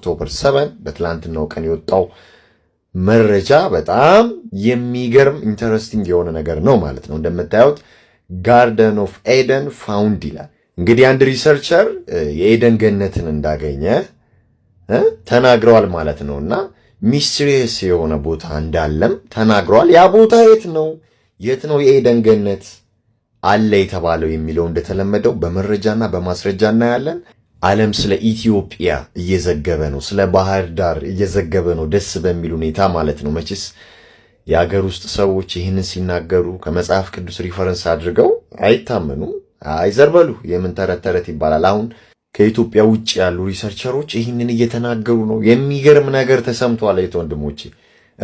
ኦክቶበር 7 በትላንትናው ቀን የወጣው መረጃ በጣም የሚገርም ኢንተረስቲንግ የሆነ ነገር ነው ማለት ነው። እንደምታዩት ጋርደን ኦፍ ኤደን ፋውንድ ይላል። እንግዲህ አንድ ሪሰርቸር የኤደን ገነትን እንዳገኘ ተናግረዋል ማለት ነው እና ሚስትሪየስ የሆነ ቦታ እንዳለም ተናግረዋል። ያ ቦታ የት ነው? የት ነው የኤደን ገነት አለ የተባለው የሚለው እንደተለመደው በመረጃና በማስረጃ እናያለን። ዓለም ስለ ኢትዮጵያ እየዘገበ ነው። ስለ ባህር ዳር እየዘገበ ነው። ደስ በሚል ሁኔታ ማለት ነው። መቼስ የሀገር ውስጥ ሰዎች ይህንን ሲናገሩ ከመጽሐፍ ቅዱስ ሪፈረንስ አድርገው አይታመኑም። አይዘርበሉ የምን ተረት ተረት ይባላል። አሁን ከኢትዮጵያ ውጭ ያሉ ሪሰርቸሮች ይህንን እየተናገሩ ነው። የሚገርም ነገር ተሰምቷል። የት ወንድሞቼ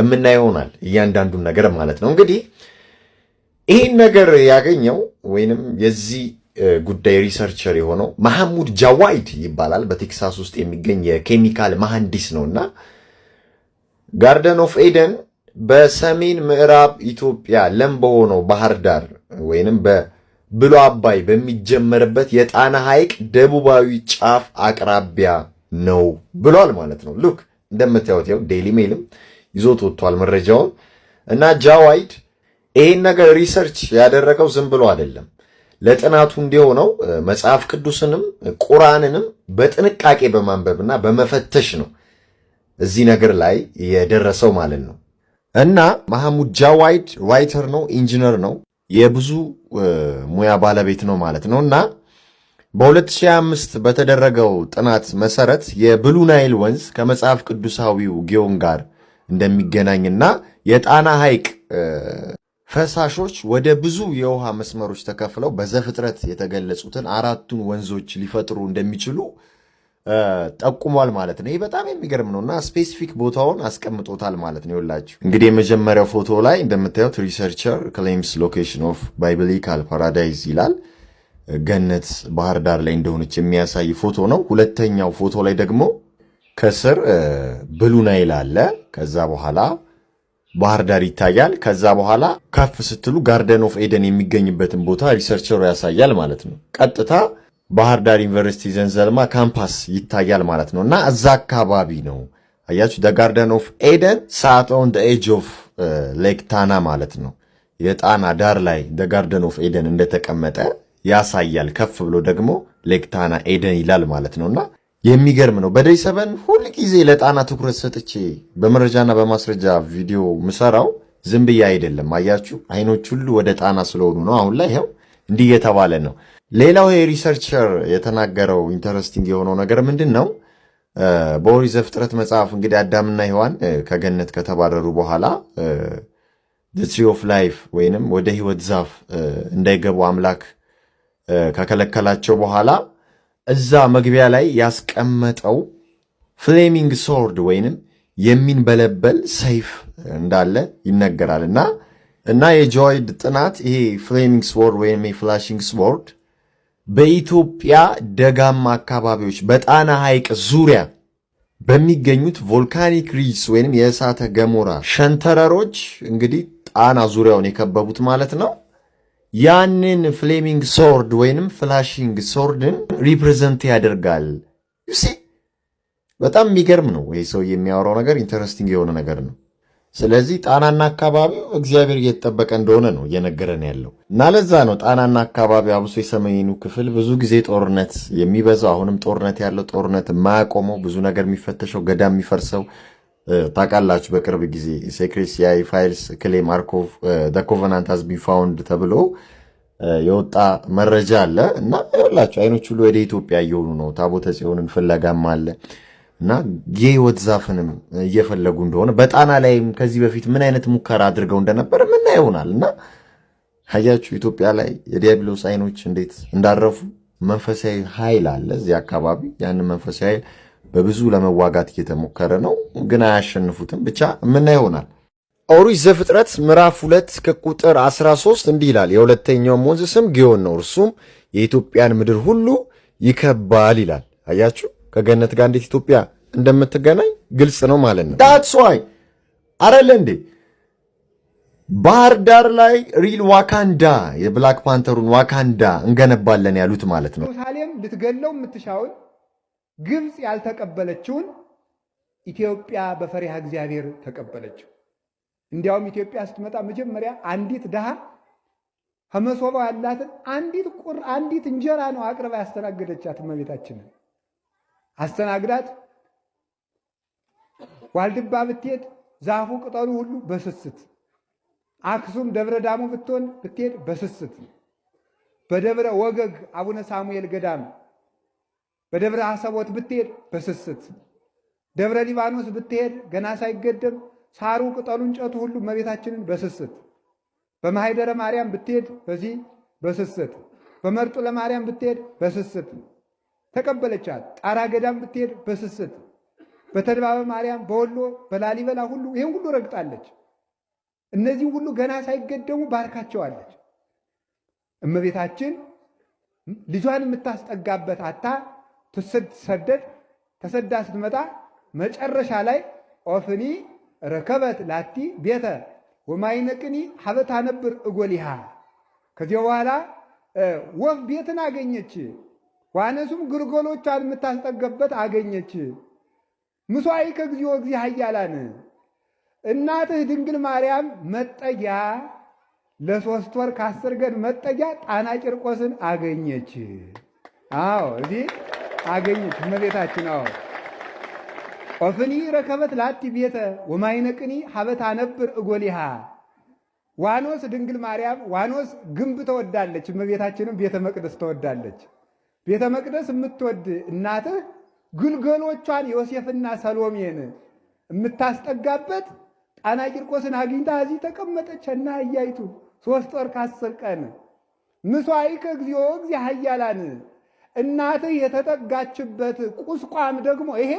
እምና ይሆናል እያንዳንዱን ነገር ማለት ነው። እንግዲህ ይህን ነገር ያገኘው ወይንም የዚህ ጉዳይ ሪሰርቸር የሆነው መሐሙድ ጃዋይድ ይባላል። በቴክሳስ ውስጥ የሚገኝ የኬሚካል መሐንዲስ ነው እና ጋርደን ኦፍ ኤደን በሰሜን ምዕራብ ኢትዮጵያ ለም በሆነው ባህር ዳር ወይንም በብሎ አባይ በሚጀመርበት የጣና ሐይቅ ደቡባዊ ጫፍ አቅራቢያ ነው ብሏል ማለት ነው። ሉክ እንደምታዩት ያው ዴይሊ ሜልም ይዞት ወጥቷል መረጃውን እና ጃዋይድ ይህን ነገር ሪሰርች ያደረገው ዝም ብሎ አይደለም። ለጥናቱ እንዲሆነው መጽሐፍ ቅዱስንም ቁርአንንም በጥንቃቄ በማንበብና በመፈተሽ ነው እዚህ ነገር ላይ የደረሰው ማለት ነው። እና መሐሙድ ጃዋይድ ራይተር ነው፣ ኢንጂነር ነው፣ የብዙ ሙያ ባለቤት ነው ማለት ነው። እና በ 2025 በተደረገው ጥናት መሰረት የብሉ ናይል ወንዝ ከመጽሐፍ ቅዱሳዊው ጊዮን ጋር እንደሚገናኝና የጣና ሐይቅ ፈሳሾች ወደ ብዙ የውሃ መስመሮች ተከፍለው በዘፍጥረት የተገለጹትን አራቱን ወንዞች ሊፈጥሩ እንደሚችሉ ጠቁሟል ማለት ነው። ይህ በጣም የሚገርም ነው እና ስፔሲፊክ ቦታውን አስቀምጦታል ማለት ነው። ይኸውላችሁ እንግዲህ የመጀመሪያው ፎቶ ላይ እንደምታዩት ሪሰርቸር ክሌምስ ሎኬሽን ኦፍ ባይብሊካል ፓራዳይዝ ይላል። ገነት ባህር ዳር ላይ እንደሆነች የሚያሳይ ፎቶ ነው። ሁለተኛው ፎቶ ላይ ደግሞ ከስር ብሉ ናይል አለ። ከዛ በኋላ ባህር ዳር ይታያል። ከዛ በኋላ ከፍ ስትሉ ጋርደን ኦፍ ኤደን የሚገኝበትን ቦታ ሪሰርቸሩ ያሳያል ማለት ነው። ቀጥታ ባህር ዳር ዩኒቨርሲቲ ዘንዘልማ ካምፓስ ይታያል ማለት ነው እና እዛ አካባቢ ነው አያችሁ፣ ደ ጋርደን ኦፍ ኤደን ሳት ኦን ደ ኤጅ ኦፍ ሌክ ታና ማለት ነው። የጣና ዳር ላይ ደ ጋርደን ኦፍ ኤደን እንደተቀመጠ ያሳያል። ከፍ ብሎ ደግሞ ሌክ ታና ኤደን ይላል ማለት ነው እና የሚገርም ነው። በደይ ሰበን ሁል ጊዜ ለጣና ትኩረት ሰጥቼ በመረጃና በማስረጃ ቪዲዮ ምሰራው ዝም ብዬ አይደለም። አያችሁ፣ አይኖች ሁሉ ወደ ጣና ስለሆኑ ነው። አሁን ላይ ይኸው እንዲህ እየተባለ ነው። ሌላው የሪሰርቸር የተናገረው ኢንተረስቲንግ የሆነው ነገር ምንድን ነው? በኦሪት ዘፍጥረት መጽሐፍ እንግዲህ አዳምና ሔዋን ከገነት ከተባረሩ በኋላ ትሪ ኦፍ ላይፍ ወይንም ወደ ህይወት ዛፍ እንዳይገቡ አምላክ ከከለከላቸው በኋላ እዛ መግቢያ ላይ ያስቀመጠው ፍሌሚንግ ሶርድ ወይንም የሚንበለበል ሰይፍ እንዳለ ይነገራል እና እና የጆይድ ጥናት ይሄ ፍሌሚንግ ስዎርድ ወይም የፍላሽንግ ስዎርድ በኢትዮጵያ ደጋማ አካባቢዎች በጣና ሐይቅ ዙሪያ በሚገኙት ቮልካኒክ ሪጅስ ወይም የእሳተ ገሞራ ሸንተረሮች እንግዲህ ጣና ዙሪያውን የከበቡት ማለት ነው ያንን ፍሌሚንግ ሶርድ ወይንም ፍላሽንግ ሶርድን ሪፕሬዘንት ያደርጋል። ዩሲ በጣም የሚገርም ነው። ይህ ሰው የሚያወራው ነገር ኢንተረስቲንግ የሆነ ነገር ነው። ስለዚህ ጣናና አካባቢው እግዚአብሔር እየተጠበቀ እንደሆነ ነው እየነገረን ያለው እና ለዛ ነው ጣናና አካባቢው አብሶ የሰሜኑ ክፍል ብዙ ጊዜ ጦርነት የሚበዛው አሁንም ጦርነት ያለው ጦርነት የማያቆመው ብዙ ነገር የሚፈተሸው ገዳም የሚፈርሰው ታውቃላችሁ በቅርብ ጊዜ ሴክሬት ሲአይ ፋይልስ ክሌ ማርኮቭ ኮቨናንት ሀዝ ቢን ፋውንድ ተብሎ የወጣ መረጃ አለ እና ላቸው አይኖች ሁሉ ወደ ኢትዮጵያ እየሆኑ ነው። ታቦተ ጽዮንን ፍለጋም አለ እና የህይወት ዛፍንም እየፈለጉ እንደሆነ በጣና ላይም ከዚህ በፊት ምን አይነት ሙከራ አድርገው እንደነበረ ምና ይሆናል እና አያችሁ ኢትዮጵያ ላይ የዲያብሎስ አይኖች እንዴት እንዳረፉ መንፈሳዊ ኃይል አለ እዚህ አካባቢ ያንን መንፈሳዊ ኃይል በብዙ ለመዋጋት እየተሞከረ ነው፣ ግን አያሸንፉትም። ብቻ ምና ይሆናል። ኦሪት ዘፍጥረት ምዕራፍ ሁለት ከቁጥር 13 እንዲህ ይላል፣ የሁለተኛውም ወንዝ ስም ግዮን ነው፣ እርሱም የኢትዮጵያን ምድር ሁሉ ይከባል ይላል። አያችሁ ከገነት ጋር እንዴት ኢትዮጵያ እንደምትገናኝ ግልጽ ነው ማለት ነው። ዳትስ ዋይ አረለ እንዴ ባህር ዳር ላይ ሪል ዋካንዳ የብላክ ፓንተሩን ዋካንዳ እንገነባለን ያሉት ማለት ነው። ኢየሩሳሌም ልትገለው የምትሻውን ግብፅ ያልተቀበለችውን ኢትዮጵያ በፈሪሃ እግዚአብሔር ተቀበለችው። እንዲያውም ኢትዮጵያ ስትመጣ መጀመሪያ አንዲት ድሃ ከመሶባ ያላትን አንዲት ቁር አንዲት እንጀራ ነው አቅርባ ያስተናገደቻት እመቤታችንን አስተናግዳት ዋልድባ ብትሄድ ዛፉ ቅጠሉ ሁሉ በስስት አክሱም ደብረ ዳሞ ብትሆን ብትሄድ በስስት በደብረ ወገግ አቡነ ሳሙኤል ገዳም በደብረ አሰቦት ብትሄድ በስስት ደብረ ሊባኖስ ብትሄድ ገና ሳይገደም ሳሩ ቅጠሉ እንጨቱ ሁሉ እመቤታችንን በስስት በማኅደረ ማርያም ብትሄድ በዚህ በስስት በመርጡ ለማርያም ብትሄድ በስስት ተቀበለቻት። ጣራ ገዳም ብትሄድ በስስት በተድባበ ማርያም በወሎ በላሊበላ ሁሉ ይህን ሁሉ ረግጣለች። እነዚህ ሁሉ ገና ሳይገደሙ ባርካቸዋለች። እመቤታችን ልጇን የምታስጠጋበት አታ ትሰደድ ተሰዳ ስትመጣ መጨረሻ ላይ ኦፍኒ ረከበት ላቲ ቤተ ወማይነቅኒ ሀበታ ነብር እጎሊሃ ከዚያ በኋላ ወፍ ቤትን አገኘች። ዋነሱም ግልገሎቿን የምታስጠገበት አገኘች። ምሷይ ከጊዜ እግዚእ ኃያላን እናትህ ድንግል ማርያም መጠጊያ ለሶስት ወር ከአስር ገን መጠጊያ ጣና ቂርቆስን አገኘች። አዎ እዚህ አገኘች እመቤታችን። አዎ ኦፍኒ ረከበት ላቲ ቤተ ወማይነቅኒ ሀበት አነብር እጎሊሃ ዋኖስ ድንግል ማርያም ዋኖስ ግንብ ተወዳለች፣ እመቤታችንም ቤተ መቅደስ ተወዳለች። ቤተ መቅደስ የምትወድ እናትህ ግልገሎቿን ዮሴፍና ሰሎሜን የምታስጠጋበት ጣና ቂርቆስን አግኝታ እዚህ ተቀመጠች እና አያይቱ ሶስት ወር ከአስር ቀን ምሷይከ እግዚኦ እግዚአ ኃያላን እናትህ የተጠጋችበት ቁስቋም ደግሞ ይሄ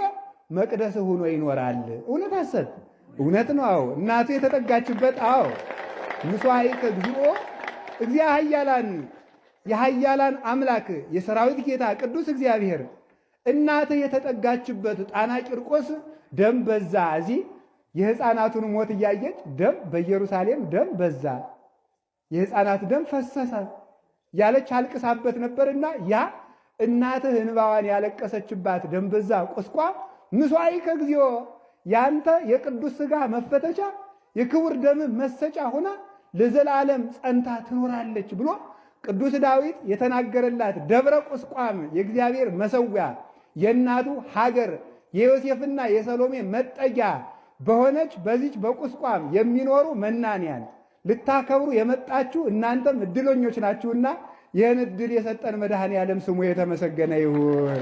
መቅደስ ሆኖ ይኖራል። እውነት አሰብ እውነት ነው። አዎ እናቱ የተጠጋችበት አዎ ምስዋዕከ እግዚኦ እግዚአ ኃያላን የኃያላን አምላክ የሰራዊት ጌታ ቅዱስ እግዚአብሔር እናትህ የተጠጋችበት ጣና ቂርቆስ ደም በዛ። እዚህ የሕፃናቱን ሞት እያየች ደም በኢየሩሳሌም ደም በዛ፣ የሕፃናት ደም ፈሰሰ ያለች አልቅሳበት ነበርና ያ እናትህ እንባዋን ያለቀሰችባት ደንበዛ ቁስቋ ምሷይ ከእግዚኦ ያንተ የቅዱስ ሥጋ መፈተቻ የክቡር ደም መሰጫ ሆና ለዘላለም ጸንታ ትኖራለች ብሎ ቅዱስ ዳዊት የተናገረላት ደብረ ቁስቋም የእግዚአብሔር መሰዊያ የእናቱ ሀገር የዮሴፍና የሰሎሜ መጠጊያ በሆነች በዚች በቁስቋም የሚኖሩ መናንያን ልታከብሩ የመጣችሁ እናንተም እድለኞች ናችሁና ይህን የሰጠን መድኃኔ ዓለም ስሙ የተመሰገነ ይሁን።